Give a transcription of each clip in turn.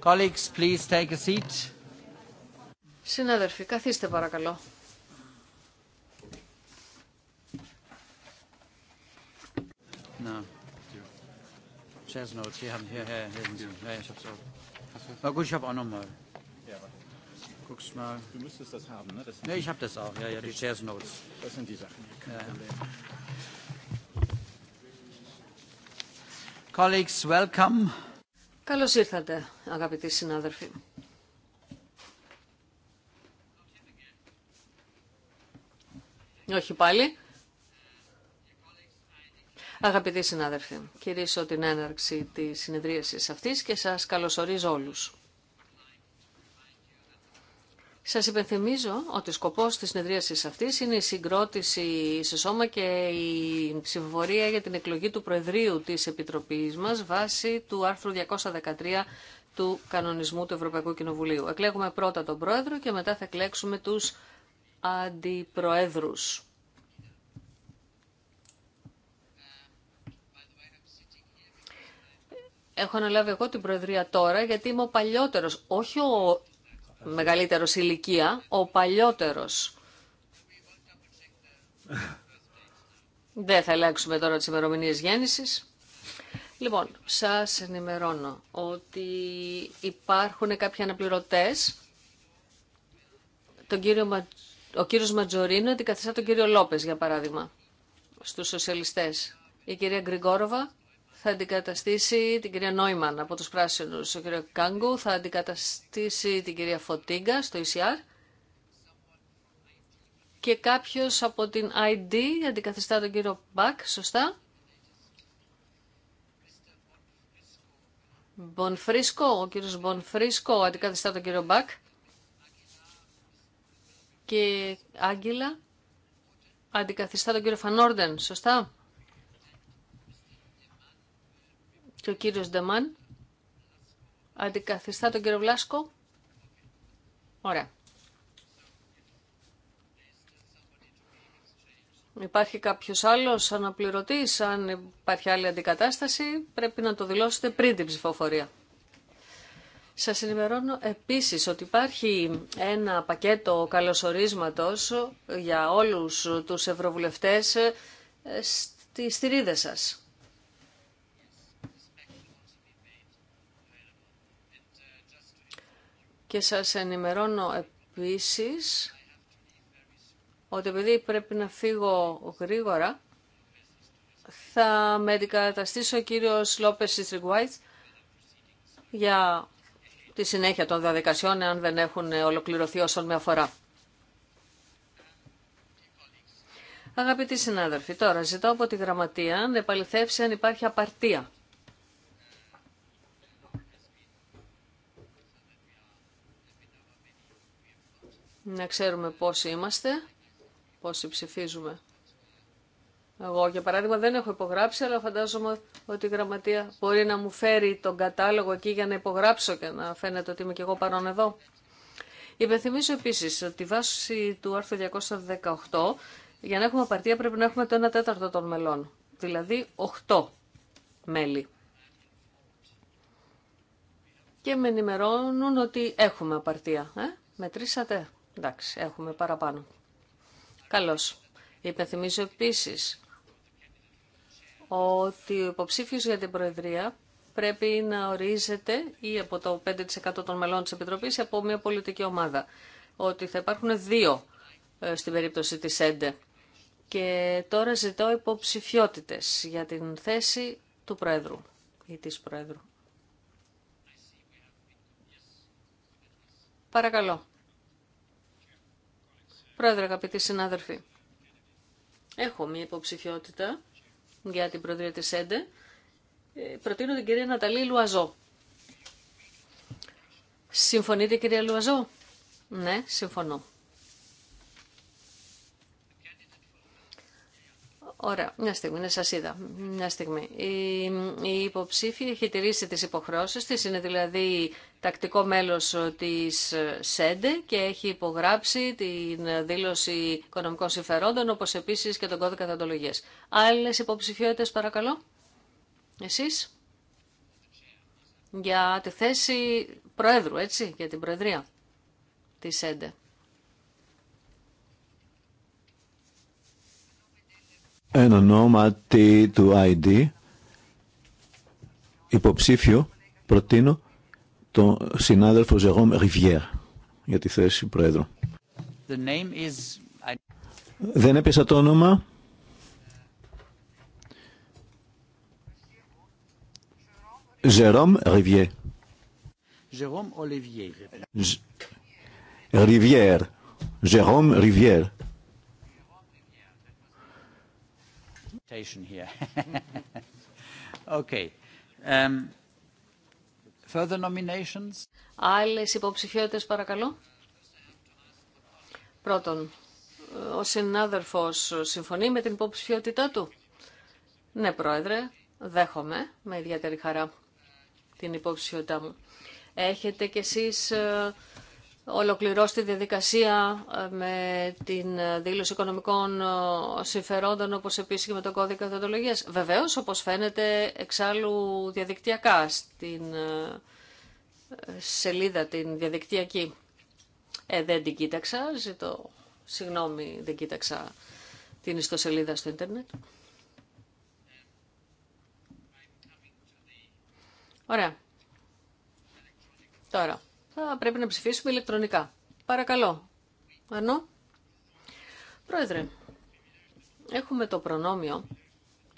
Colleagues, please take a seat. Συνάδελφοι, καθίστε παρακαλώ. No. Chairs notes, Sie haben hier, hier, hier. Ja, ich Na gut, ich habe auch noch mal. Ja, warte. Guckst mal. Du müsstest das haben, ne? Das ne, ich habe das auch. Ja, ja, die Chairs notes. Das sind die Sachen. Kein ja. Colleagues, welcome. Καλώς ήρθατε αγαπητοί συνάδελφοι. Όχι πάλι. Αγαπητοί συνάδελφοι, κυρίσω την έναρξη της συνεδρίασης αυτής και σας καλωσορίζω όλους. Σας υπενθυμίζω ότι ο σκοπός της συνεδρίασης αυτής είναι η συγκρότηση σε σώμα και η ψηφοφορία για την εκλογή του προεδρίου της Επιτροπής μας βάσει του άρθρου 213 του κανονισμού του Ευρωπαϊκού Κοινοβουλίου. Εκλέγουμε πρώτα τον πρόεδρο και μετά θα εκλέξουμε τους αντιπροέδρους. Έχω αναλάβει εγώ την Προεδρία τώρα γιατί είμαι ο παλιότερος, όχι ο μεγαλύτερος ηλικία, ο παλιότερος. Δεν θα αλλάξουμε τώρα τις ημερομηνίες γέννησης. Λοιπόν, σας ενημερώνω ότι υπάρχουν κάποιοι αναπληρωτές. Τον κύριο, ο κύριος Ματζορίνο αντικαθιστά τον κύριο Λόπες, για παράδειγμα, στους σοσιαλιστές. Η κυρία Γκριγκόροβα θα αντικαταστήσει την κυρία Νόημαν από τους πράσινους. Ο κύριο Κάγκου θα αντικαταστήσει την κυρία Φωτίγκα στο ECR. Και κάποιος από την ID αντικαθιστά τον κύριο Μπακ, σωστά. Μπονφρίσκο, ο κύριος Μπονφρίσκο αντικαθιστά τον κύριο Μπακ και Άγγελα αντικαθιστά τον κύριο Φανόρντεν, σωστά. Και ο κύριος Ντεμάν αντικαθιστά τον κύριο Βλάσκο. Ωραία. Υπάρχει κάποιος άλλος αναπληρωτής, αν υπάρχει άλλη αντικατάσταση, πρέπει να το δηλώσετε πριν την ψηφοφορία. Σας ενημερώνω επίσης ότι υπάρχει ένα πακέτο καλωσορίσματος για όλους τους ευρωβουλευτές ε, στη θηρίδες σας. Και σας ενημερώνω επίσης ότι επειδή πρέπει να φύγω γρήγορα, θα με αντικαταστήσω ο κύριος Λόπες Ιστρικουάιτς για τη συνέχεια των διαδικασιών, αν δεν έχουν ολοκληρωθεί όσον με αφορά. Αγαπητοί συνάδελφοι, τώρα ζητώ από τη Γραμματεία να επαληθεύσει αν υπάρχει απαρτία. Να ξέρουμε πόσοι είμαστε πόσοι ψηφίζουμε. Εγώ, για παράδειγμα, δεν έχω υπογράψει, αλλά φαντάζομαι ότι η γραμματεία μπορεί να μου φέρει τον κατάλογο εκεί για να υπογράψω και να φαίνεται ότι είμαι και εγώ παρόν εδώ. Υπενθυμίζω επίση ότι βάσει του άρθρου 218, για να έχουμε απαρτία πρέπει να έχουμε το 1 τέταρτο των μελών, δηλαδή 8 μέλη. Και με ενημερώνουν ότι έχουμε απαρτία. Ε? Μετρήσατε. Εντάξει, έχουμε παραπάνω. Καλώς. Υπενθυμίζω επίσης ότι ο υποψήφιος για την Προεδρία πρέπει να ορίζεται ή από το 5% των μελών της Επιτροπής ή από μια πολιτική ομάδα. Ότι θα υπάρχουν δύο ε, στην περίπτωση της ΕΝΤΕ. Και τώρα ζητώ υποψηφιότητες για την θέση του Προέδρου ή της Προέδρου. Παρακαλώ. Πρόεδρε, αγαπητοί συνάδελφοι, έχω μία υποψηφιότητα για την Προεδρία της ΕΝΤΕ. Ε, προτείνω την κυρία Ναταλή Λουαζό. Συμφωνείτε κυρία Λουαζό? Ναι, συμφωνώ. Ωραία, μια στιγμή, να σας είδα. Μια στιγμή. Η, η υποψήφια έχει τηρήσει τις υποχρεώσει τη. είναι δηλαδή τακτικό Για τη θέση προέδρου, έτσι, για την προεδρία τη ΣΕΝΤΕ και έχει υπογράψει την δήλωση οικονομικών συμφερόντων, οπω επιση και τον κώδικα θεατολογία. αλλε υποψηφιοτητε παρακαλώ. εσει Για τη θέση Προέδρου, έτσι, για την Προεδρία της ΣΕΝΤΕ. εν ονόματι του ID υποψήφιο προτείνω τον συνάδελφο Ζερόμ Ριβιέρ για τη θέση Πρόεδρου. The name is... Δεν έπιασα το όνομα. Ζερόμ Ριβιέρ. Ζερόμ Ριβιέρ. Ζερόμ Ριβιέρ. here. Okay. Um, further nominations. Άλλες υποψηφιότητες παρακαλώ. Πρώτον, ο συνάδελφος συμφωνεί με την υποψηφιότητά του. Ναι, Πρόεδρε, δέχομαι με ιδιαίτερη χαρά την υποψηφιότητά μου. Έχετε κι εσείς ε, ολοκληρώσει τη διαδικασία ε, με την ε, δήλωση οικονομικών ε, συμφερόντων, όπως επίσης και με τον κώδικα διοντολογίας. Βεβαίως, όπως φαίνεται, εξάλλου διαδικτυακά στην σελίδα την διαδικτυακή. Ε, δεν την κοίταξα, ζητώ συγγνώμη, δεν κοίταξα την ιστοσελίδα στο ίντερνετ. Ωραία. Τώρα θα πρέπει να ψηφίσουμε ηλεκτρονικά. Παρακαλώ. Ανώ. Πρόεδρε, έχουμε το προνόμιο,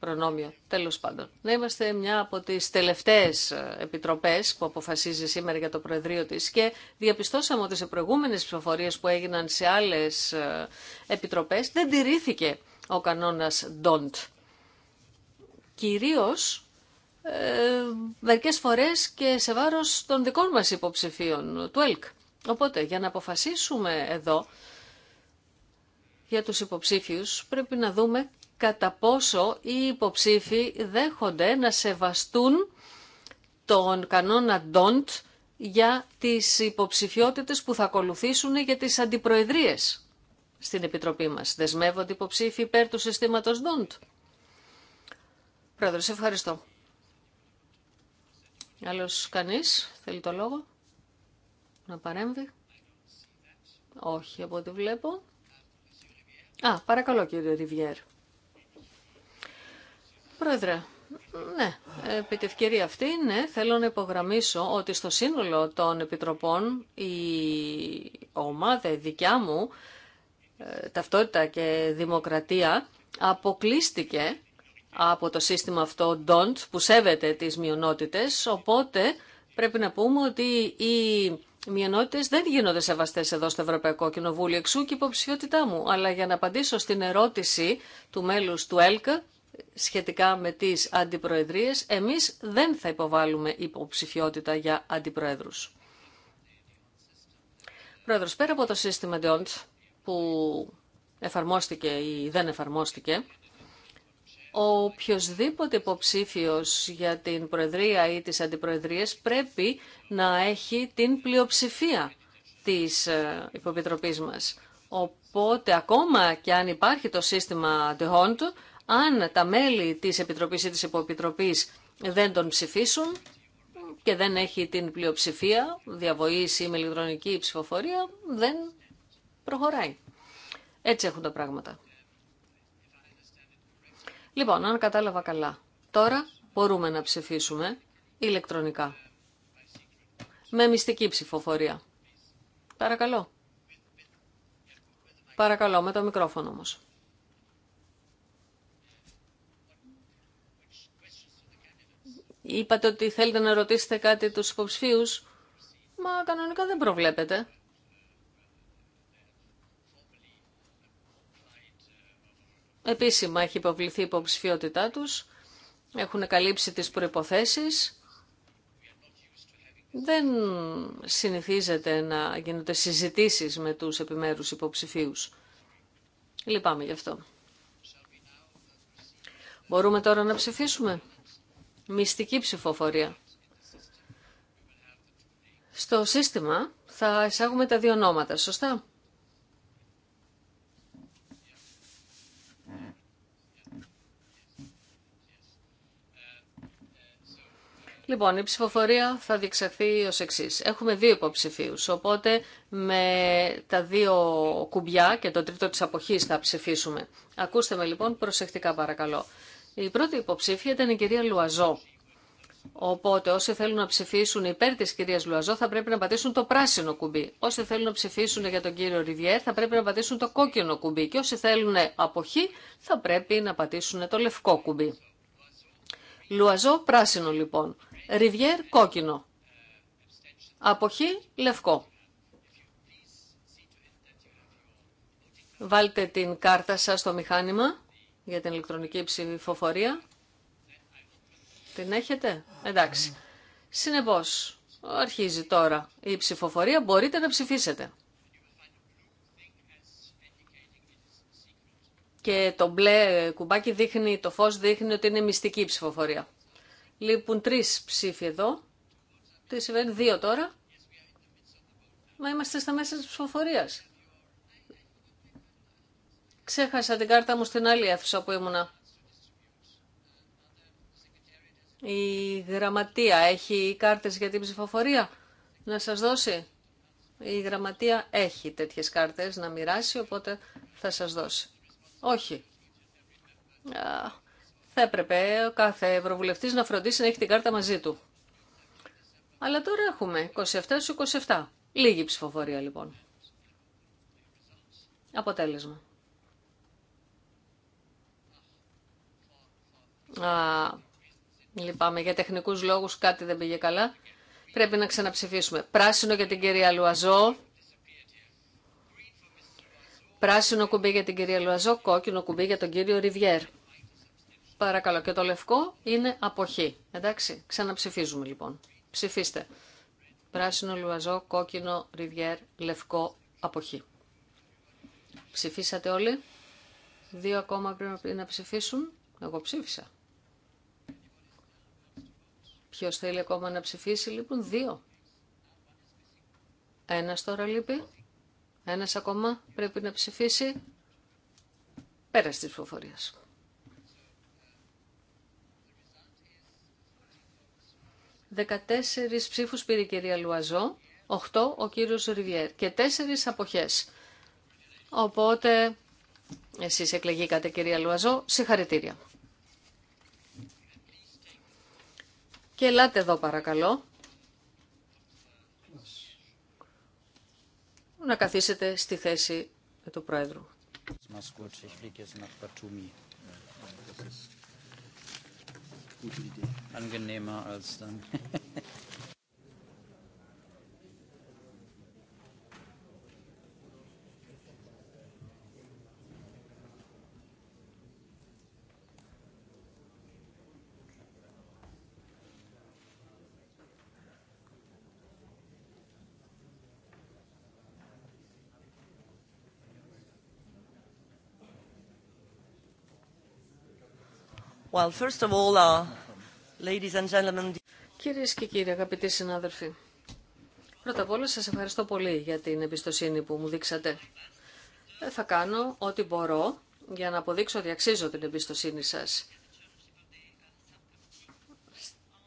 προνόμιο τέλος πάντων, να είμαστε μια από τις τελευταίες ε, επιτροπές που αποφασίζει σήμερα για το Προεδρείο της και διαπιστώσαμε ότι σε προηγούμενες ψηφοφορίες που έγιναν σε άλλες ε, επιτροπές δεν τηρήθηκε ο κανόνας don't. Κυρίως ε, μερικές φορές και σε βάρος των δικών μας υποψηφίων του ΕΛΚ. Οπότε για να αποφασίσουμε εδώ για τους υποψήφιους πρέπει να δούμε κατά πόσο οι υποψήφοι δέχονται να σεβαστούν τον κανόνα don't για τις υποψηφιότητες που θα ακολουθήσουν για τις αντιπροεδρίες στην Επιτροπή μας. Δεσμεύονται υποψήφοι υπέρ του συστήματος don't. Πρόεδρος, ευχαριστώ. Άλλος κανείς θέλει το λόγο να παρέμβει. Όχι από ό,τι βλέπω. Α, παρακαλώ κύριε Ριβιέρ. Πρόεδρε, ναι, επί τη ευκαιρία αυτή, ναι, θέλω να υπογραμμίσω ότι στο σύνολο των επιτροπών η ομάδα η δικιά μου, ε, ταυτότητα και δημοκρατία, αποκλείστηκε από το σύστημα αυτό DONT που σέβεται τις μειονότητες, οπότε πρέπει να πούμε ότι οι μειονότητες δεν γίνονται σεβαστές εδώ στο Ευρωπαϊκό Κοινοβούλιο, εξού και υποψηφιότητά μου. Αλλά για να απαντήσω στην ερώτηση του μέλους του ΕΛΚ σχετικά με τις αντιπροεδρίες, εμείς δεν θα υποβάλουμε υποψηφιότητα για αντιπροέδρους. Πρόεδρος, πέρα από το σύστημα DONT που εφαρμόστηκε ή δεν εφαρμόστηκε, ο οποιοδήποτε υποψήφιο για την Προεδρία ή τις Αντιπροεδρίες πρέπει να έχει την πλειοψηφία της ε, υποπιτροπής μας. Οπότε ακόμα και αν υπάρχει το σύστημα τεχόντου, αν τα μέλη της Επιτροπής ή της Υποπιτροπής δεν τον ψηφίσουν και δεν έχει την πλειοψηφία, διαβοήση ή με ηλεκτρονική ψηφοφορία, δεν προχωράει. Έτσι έχουν τα πράγματα. Λοιπόν, αν κατάλαβα καλά, τώρα μπορούμε να ψηφίσουμε ηλεκτρονικά. Με μυστική ψηφοφορία. Παρακαλώ. Παρακαλώ, με το μικρόφωνο όμως. Είπατε ότι θέλετε να ρωτήσετε κάτι τους υποψηφίους, μα κανονικά δεν προβλέπετε. Επίσημα έχει υποβληθεί η υποψηφιότητά τους, έχουν καλύψει τις προϋποθέσεις. Δεν συνηθίζεται να γίνονται συζητήσεις με τους επιμέρους υποψηφίους. Λυπάμαι γι' αυτό. Μπορούμε τώρα να ψηφίσουμε. Μυστική ψηφοφορία. Στο σύστημα θα εισάγουμε τα δύο ονόματα, σωστά. Λοιπόν, η ψηφοφορία θα διεξαχθεί ως εξή. Έχουμε δύο υποψηφίους, οπότε με τα δύο κουμπιά και το τρίτο της αποχής θα ψηφίσουμε. Ακούστε με λοιπόν προσεκτικά παρακαλώ. Η πρώτη υποψήφια ήταν η κυρία Λουαζό. Οπότε όσοι θέλουν να ψηφίσουν υπέρ της κυρίας Λουαζό θα πρέπει να πατήσουν το πράσινο κουμπί. Όσοι θέλουν να ψηφίσουν για τον κύριο Ριβιέρ θα πρέπει να πατήσουν το κόκκινο κουμπί. Και όσοι θέλουν αποχή θα πρέπει να πατήσουν το λευκό κουμπί. Λουαζό πράσινο λοιπόν. Ριβιέρ κόκκινο. Αποχή λευκό. Βάλτε την κάρτα σας στο μηχάνημα για την ηλεκτρονική ψηφοφορία. Την έχετε? Εντάξει. Συνεπώς, αρχίζει τώρα η ψηφοφορία. Μπορείτε να ψηφίσετε. Και το μπλε κουμπάκι δείχνει, το φως δείχνει ότι είναι μυστική ψηφοφορία. Λείπουν τρεις ψήφοι εδώ. Τι συμβαίνει, δύο τώρα. Μα είμαστε στα μέσα τη ψηφοφορία. Ξέχασα την κάρτα μου στην άλλη αίθουσα που ήμουνα. Η γραμματεία έχει κάρτες για την ψηφοφορία. Να σας δώσει. Η γραμματεία έχει τέτοιες κάρτες να μοιράσει, οπότε θα σας δώσει. Όχι θα έπρεπε ο κάθε ευρωβουλευτή να φροντίσει να έχει την κάρτα μαζί του. Αλλά τώρα έχουμε 27 στους 27. Λίγη ψηφοφορία λοιπόν. Αποτέλεσμα. Α, λυπάμαι, για τεχνικούς λόγους κάτι δεν πήγε καλά. Πρέπει να ξαναψηφίσουμε. Πράσινο για την κυρία Λουαζό. Πράσινο κουμπί για την κυρία Λουαζό, κόκκινο κουμπί για τον κύριο Ριβιέρ. Παρακαλώ και το λευκό είναι αποχή. Εντάξει, ξαναψηφίζουμε λοιπόν. Ψηφίστε. Πράσινο, λουαζό, κόκκινο, ριβιέρ, λευκό, αποχή. Ψηφίσατε όλοι. Δύο ακόμα πρέπει να ψηφίσουν. Εγώ ψήφισα. Ποιος θέλει ακόμα να ψηφίσει λοιπόν. Δύο. Ένας τώρα λείπει. Ένας ακόμα πρέπει να ψηφίσει πέρα της ψηφοφορίας. 14 ψήφους πήρε η κυρία Λουαζό, 8 ο κύριος Ριβιέρ και 4 αποχές. Οπότε εσείς εκλεγήκατε κυρία Λουαζό, συγχαρητήρια. Και ελάτε εδώ παρακαλώ. Να καθίσετε στη θέση του Πρόεδρου angenehmer als dann. Well, first of all, uh, Κυρίες και κύριοι, αγαπητοί συνάδελφοι, πρώτα απ' όλα σας ευχαριστώ πολύ για την εμπιστοσύνη που μου δείξατε. Ε, θα κάνω ό,τι μπορώ για να αποδείξω ότι αξίζω την εμπιστοσύνη σας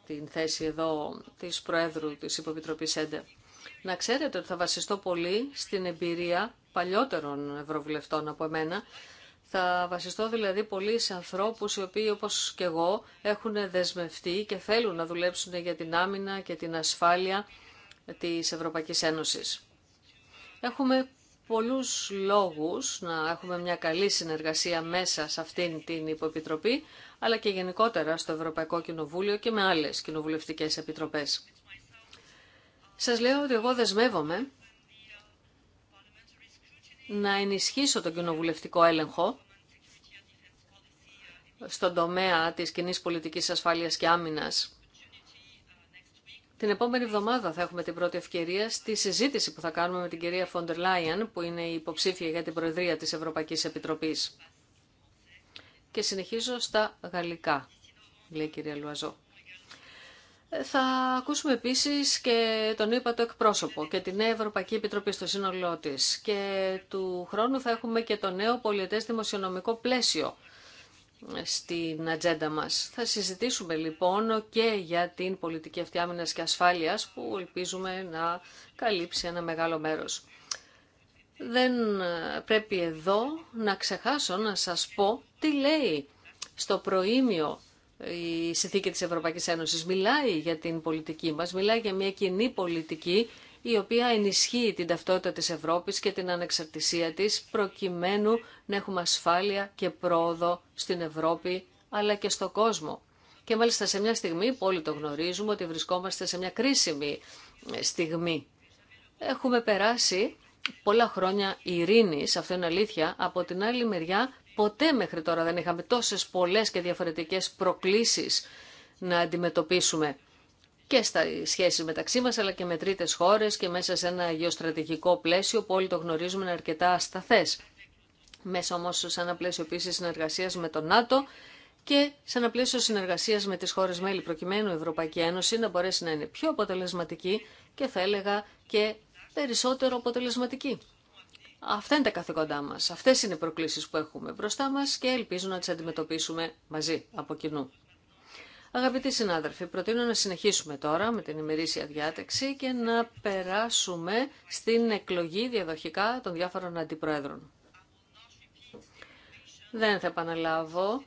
στην θέση εδώ της Προέδρου της Υποπιτροπής ΕΝΤΕ. Να ξέρετε ότι θα βασιστώ πολύ στην εμπειρία παλιότερων ευρωβουλευτών από εμένα θα βασιστώ δηλαδή πολύ σε ανθρώπους οι οποίοι όπω και εγώ έχουν δεσμευτεί και θέλουν να δουλέψουν για την άμυνα και την ασφάλεια της Ευρωπαϊκή Ένωση. Έχουμε πολλούς λόγους να έχουμε μια καλή συνεργασία μέσα σε αυτήν την υποεπιτροπή, αλλά και γενικότερα στο Ευρωπαϊκό Κοινοβούλιο και με άλλες κοινοβουλευτικές επιτροπές. Σας λέω ότι εγώ δεσμεύομαι να ενισχύσω τον κοινοβουλευτικό έλεγχο στον τομέα της κοινή πολιτικής ασφάλειας και άμυνας. Την επόμενη εβδομάδα θα έχουμε την πρώτη ευκαιρία στη συζήτηση που θα κάνουμε με την κυρία Φόντερ Λάιεν... που είναι η υποψήφια για την Προεδρία της Ευρωπαϊκής Επιτροπής. Και συνεχίζω στα γαλλικά, λέει η κυρία Λουαζό. Θα ακούσουμε επίσης και τον είπα το εκπρόσωπο και την Νέα Ευρωπαϊκή Επιτροπή στο σύνολό της. Και του χρόνου θα έχουμε και το νέο πολιτές δημοσιονομικό πλαίσιο στην ατζέντα μας. Θα συζητήσουμε λοιπόν και για την πολιτική αυτή και ασφάλειας που ελπίζουμε να καλύψει ένα μεγάλο μέρος. Δεν ε, πρέπει εδώ να ξεχάσω να σας πω τι λέει στο προήμιο η συνθήκη της Ευρωπαϊκής Ένωσης. Μιλάει για την πολιτική μας, μιλάει για μια κοινή πολιτική η οποία ενισχύει την ταυτότητα της Ευρώπης και την ανεξαρτησία της, προκειμένου να έχουμε ασφάλεια και πρόοδο στην Ευρώπη, αλλά και στον κόσμο. Και μάλιστα σε μια στιγμή που όλοι το γνωρίζουμε ότι βρισκόμαστε σε μια κρίσιμη ε, στιγμή. Έχουμε περάσει πολλά χρόνια ειρήνης, αυτό είναι αλήθεια, από την άλλη μεριά ποτέ μέχρι τώρα δεν είχαμε τόσες πολλές και διαφορετικές προκλήσεις να αντιμετωπίσουμε και στα σχέσεις μεταξύ μας αλλά και με τρίτες χώρες και μέσα σε ένα γεωστρατηγικό πλαίσιο που όλοι το γνωρίζουμε είναι αρκετά ασταθές. Μέσα όμως σε ένα πλαίσιο επίση συνεργασίας με το ΝΑΤΟ και σε ένα πλαίσιο συνεργασίας με τις χώρες μέλη προκειμένου η Ευρωπαϊκή Ένωση να μπορέσει να είναι πιο αποτελεσματική και θα έλεγα και περισσότερο αποτελεσματική. Αυτά είναι τα καθήκοντά μας. Αυτές είναι οι προκλήσεις που έχουμε μπροστά μας και ελπίζω να τις αντιμετωπίσουμε μαζί από κοινού. Αγαπητοί συνάδελφοι, προτείνω να συνεχίσουμε τώρα με την ημερήσια διάταξη και να περάσουμε στην εκλογή διαδοχικά των διάφορων αντιπρόεδρων. Δεν θα επαναλάβω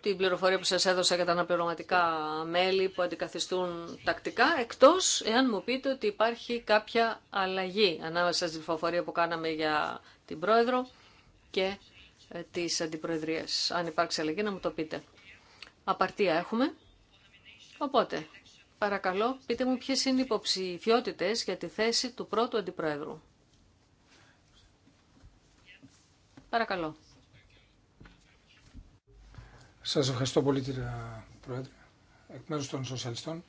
την πληροφορία που σας έδωσα για τα αναπληρωματικά μέλη που αντικαθιστούν τακτικά, εκτός εάν μου πείτε ότι υπάρχει κάποια αλλαγή ανάμεσα στην ψηφοφορία που κάναμε για την Πρόεδρο και ε, τις αντιπροεδρίες. Αν υπάρξει αλλαγή να μου το πείτε απαρτία έχουμε. Οπότε, παρακαλώ, πείτε μου ποιες είναι οι υποψηφιότητες για τη θέση του πρώτου αντιπρόεδρου. Παρακαλώ. Σας ευχαριστώ πολύ κύριε Πρόεδρε, εκ μέρους των Σοσιαλιστών.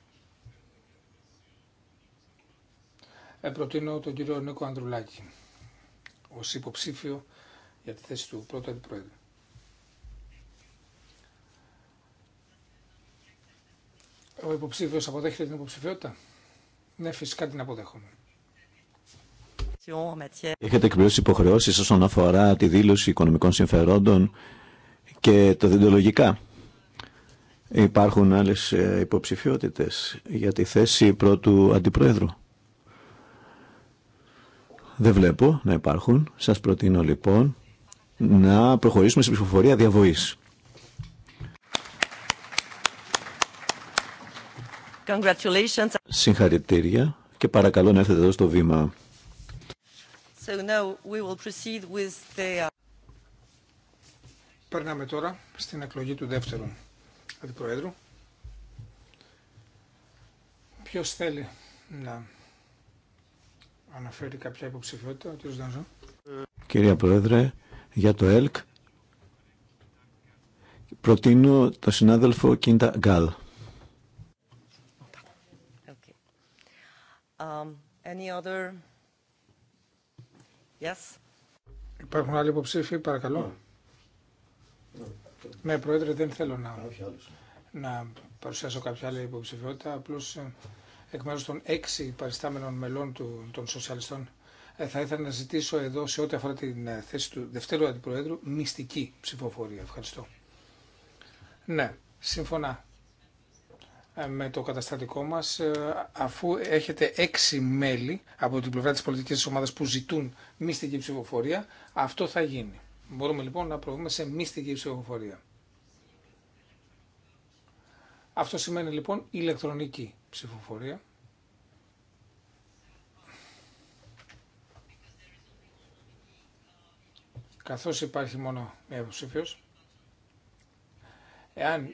Ε, προτείνω τον κύριο Νίκο Ανδρουλάκη ως υποψήφιο για τη θέση του πρώτου αντιπρόεδρου. Ο υποψήφιος αποδέχεται την υποψηφιότητα. Ναι, φυσικά την αποδέχομαι. Έχετε εκπληρώσει υποχρεώσεις όσον αφορά τη δήλωση οικονομικών συμφερόντων και το διντολογικά. Υπάρχουν άλλες ε, υποψηφιότητες για τη θέση πρώτου αντιπρόεδρου. Δεν βλέπω να υπάρχουν. Σας προτείνω λοιπόν να προχωρήσουμε στην ψηφοφορία διαβοής. Συγχαρητήρια και παρακαλώ να έρθετε εδώ στο βήμα. So now we will proceed with the... Uh, Περνάμε τώρα στην εκλογή του δεύτερου αντιπροέδρου. Ποιος θέλει να αναφέρει κάποια υποψηφιότητα, ο κ. Κυρία Πρόεδρε, για το ΕΛΚ προτείνω το συνάδελφο Κίντα Γκάλ. Yes. Υπάρχουν άλλοι υποψήφοι, παρακαλώ. Ναι, ναι Πρόεδρε, δεν θέλω να, παρουσιάσω κάποια άλλη υποψηφιότητα. Απλώ ε, εκ μέρου των έξι παριστάμενων μελών του, των σοσιαλιστών ε, θα ήθελα να ζητήσω εδώ σε ό,τι αφορά την ε, θέση του Δευτέρου Αντιπροέδρου μυστική ψηφοφορία. Ευχαριστώ. Ναι, συμφωνά ε, με το καταστατικό μας ε, αφού έχετε έξι μέλη από την πλευρά της πολιτικής ομάδας που ζητούν μυστική ψηφοφορία αυτό θα γίνει. Μπορούμε λοιπόν να προβούμε σε μυστική ψηφοφορία. Αυτό σημαίνει λοιπόν ηλεκτρονική ψηφοφορία. Καθώς υπάρχει μόνο μία υποψήφιος, εάν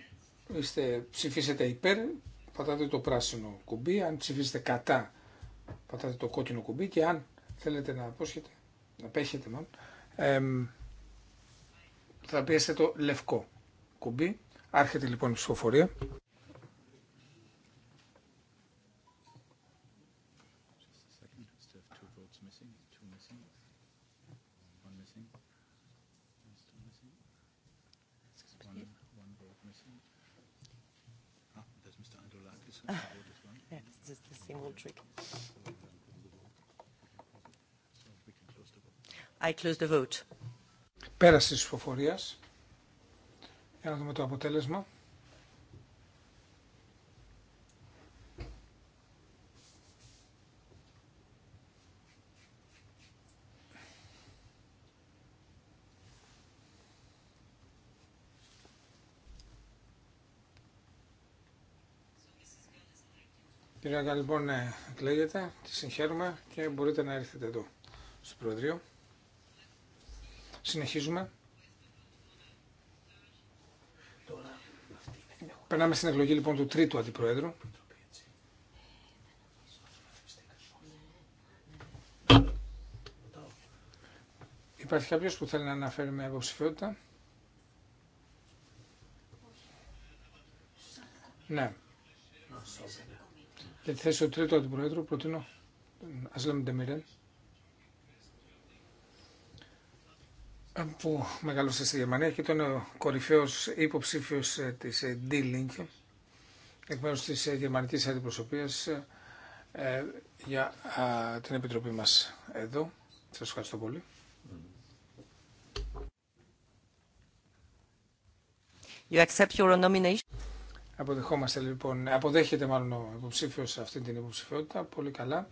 είστε, ψηφίσετε υπέρ, πατάτε το πράσινο κουμπί. Αν ψηφίσετε κατά, πατάτε το κόκκινο κουμπί. Και αν θέλετε να απόσχετε, να πέχετε μάλλον, θα πιέσετε το λευκό κουμπί. Άρχεται λοιπόν η ψηφοφορία. I close the vote. Πέραση τη ψηφοφορία. Για να δούμε το αποτέλεσμα. Κυρία λοιπόν, ε, εκλέγεται, τη συγχαίρουμε και μπορείτε να έρθετε εδώ στο Προεδρείο. Συνεχίζουμε. Περνάμε στην εκλογή λοιπόν του τρίτου αντιπροέδρου. Υπάρχει κάποιος που θέλει να αναφέρει μια υποψηφιότητα. Ναι. Για τη θέση του τρίτου αντιπροέδρου προτείνω τον λέμε Ντεμιρέν. που μεγαλώσε στη Γερμανία και ήταν ο κορυφαίος υποψήφιος ε, της ε, D-Link εκ μέρους της ε, γερμανικής αντιπροσωπείας για την επιτροπή μας εδώ. Σας ευχαριστώ πολύ. You accept your nomination. Αποδεχόμαστε λοιπόν, αποδέχεται μάλλον ο υποψήφιος αυτή την υποψηφιότητα, πολύ καλά.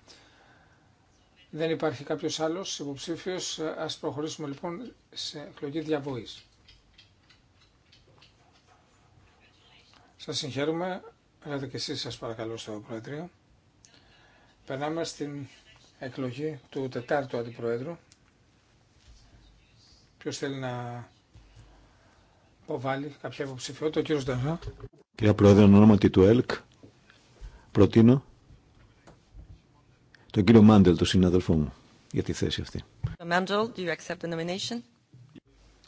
Δεν υπάρχει κάποιο άλλο υποψήφιο, α προχωρήσουμε λοιπόν σε εκλογή διαβόή. Σας συγχαίρουμε. Ελάτε και εσεί σας παρακαλώ στο Προεδρείο. Περνάμε στην εκλογή του τετάρτου Αντιπροέδρου. Ποιο θέλει να υποβάλει κάποια υποψηφιότητα, ο κύριος Κυρία Πρόεδρε, ονόματι του ΕΛΚ, προτείνω τον κύριο Μάντελ, τον συναδελφό μου, για τη θέση αυτή. Μάντελ, do you accept the nomination?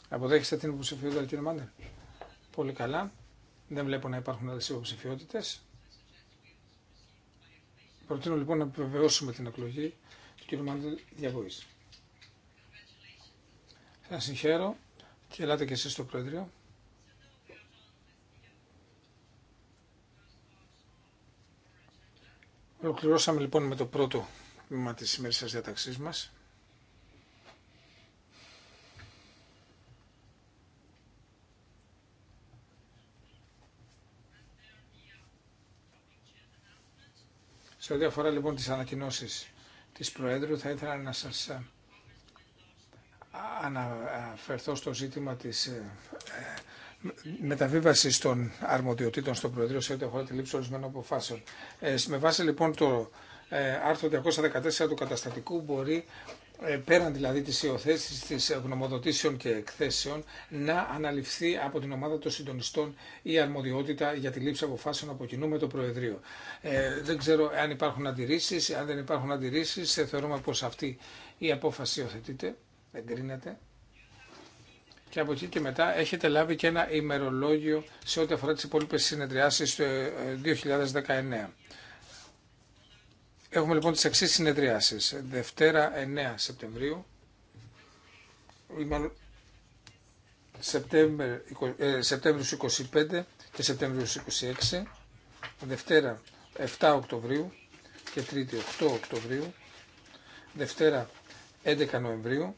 Αποδέχεστε την υποψηφιότητα, κύριε Μάντελ. Πολύ καλά. Δεν βλέπω να υπάρχουν άλλε υποψηφιότητε. Προτείνω λοιπόν να επιβεβαιώσουμε την εκλογή του κύριου Μάντελ διαβοή. Σα συγχαίρω και ελάτε και εσεί στο Πρόεδρο... Ολοκληρώσαμε λοιπόν με το πρώτο τμήμα της σημερινής διαταξής μας. Σε ό,τι αφορά λοιπόν τις ανακοινώσεις της Προέδρου θα ήθελα να σας ε, αναφερθώ στο ζήτημα της ε, μεταβίβαση των αρμοδιοτήτων στο Προεδρείο σε ό,τι αφορά τη λήψη ορισμένων αποφάσεων. Ε, με βάση λοιπόν το ε, άρθρο 214 του καταστατικού μπορεί ε, πέραν δηλαδή της υιοθέτηση της γνωμοδοτήσεων και εκθέσεων να αναλυφθεί από την ομάδα των συντονιστών η αρμοδιότητα για τη λήψη αποφάσεων από κοινού με το Προεδρείο. Ε, δεν ξέρω αν υπάρχουν αντιρρήσεις, αν δεν υπάρχουν αντιρρήσεις ε, θεωρούμε πως αυτή η απόφαση υιοθετείται, εγκρίνεται και από εκεί και μετά έχετε λάβει και ένα ημερολόγιο σε ό,τι αφορά τις υπόλοιπες συνεδριάσεις του 2019. Ε, Έχουμε λοιπόν τις εξής συνεδριάσεις. Δευτέρα 9 Σεπτεμβρίου, ε, Σεπτέμβριο 25 και Σεπτέμβριο 26, Δευτέρα 7 Οκτωβρίου και Τρίτη 8 Οκτωβρίου, Δευτέρα 11 Νοεμβρίου,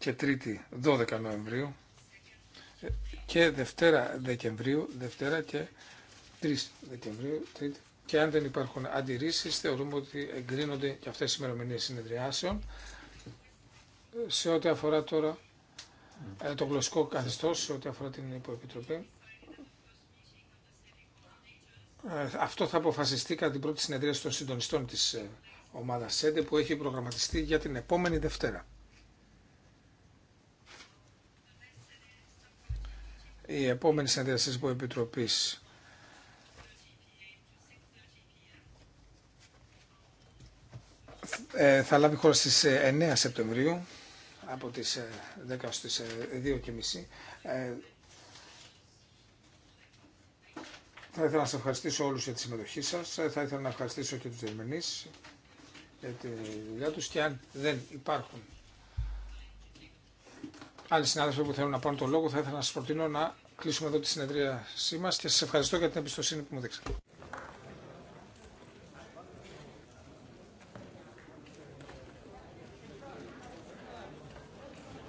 και Τρίτη 12 Νοεμβρίου και Δευτέρα Δεκεμβρίου, Δευτέρα και 3 Δεκεμβρίου, Τρίτη. Και αν δεν υπάρχουν αντιρρήσεις, θεωρούμε ότι εγκρίνονται και αυτές οι ημερομηνίες συνεδριάσεων. Σε ό,τι αφορά τώρα ε, το γλωσσικό καθεστώ σε ό,τι αφορά την υποεπιτροπή, ε, αυτό θα αποφασιστεί κατά την πρώτη συνεδρίαση των συντονιστών της ε, ομάδας ΣΕΝΤΕ που έχει προγραμματιστεί για την επόμενη Δευτέρα. η επόμενη συνεδρίαση της Επιτροπής ε, θα λάβει χώρα στις 9 ε, Σεπτεμβρίου από τις 10 ε, στις 2.30. Θα ήθελα να σας ευχαριστήσω όλους για τη συμμετοχή σας. Θα ήθελα να ευχαριστήσω και τους διερμηνείς για τη δουλειά τους και αν δεν υπάρχουν άλλοι συνάδελφοι που θέλουν να πάρουν τον λόγο, θα ήθελα να σα προτείνω να κλείσουμε εδώ τη συνεδρίασή μα και σα ευχαριστώ για την εμπιστοσύνη που μου δείξατε.